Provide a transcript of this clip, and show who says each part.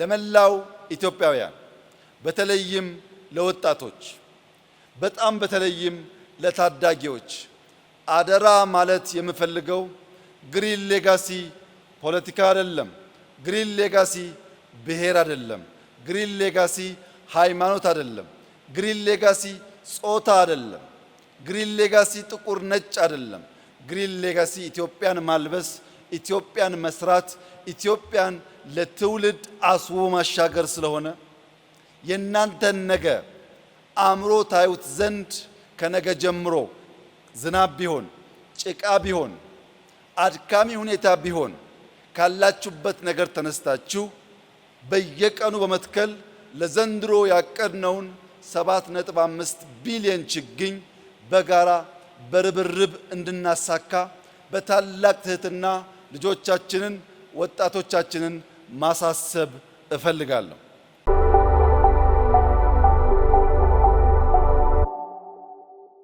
Speaker 1: ለመላው ኢትዮጵያውያን በተለይም ለወጣቶች በጣም በተለይም ለታዳጊዎች አደራ ማለት የምፈልገው ግሪን ሌጋሲ ፖለቲካ አይደለም። ግሪን ሌጋሲ ብሔር አይደለም። ግሪን ሌጋሲ ሃይማኖት አይደለም። ግሪን ሌጋሲ ጾታ አይደለም። ግሪን ሌጋሲ ጥቁር ነጭ አይደለም። ግሪን ሌጋሲ ኢትዮጵያን ማልበስ ኢትዮጵያን መስራት ኢትዮጵያን ለትውልድ አስቦ ማሻገር ስለሆነ የእናንተን ነገ አእምሮ ታዩት ዘንድ ከነገ ጀምሮ ዝናብ ቢሆን ጭቃ ቢሆን አድካሚ ሁኔታ ቢሆን ካላችሁበት ነገር ተነስታችሁ በየቀኑ በመትከል ለዘንድሮ ያቀድነውን 7.5 ቢሊዮን ችግኝ በጋራ በርብርብ እንድናሳካ በታላቅ ትህትና ልጆቻችንን፣ ወጣቶቻችንን ማሳሰብ እፈልጋለሁ።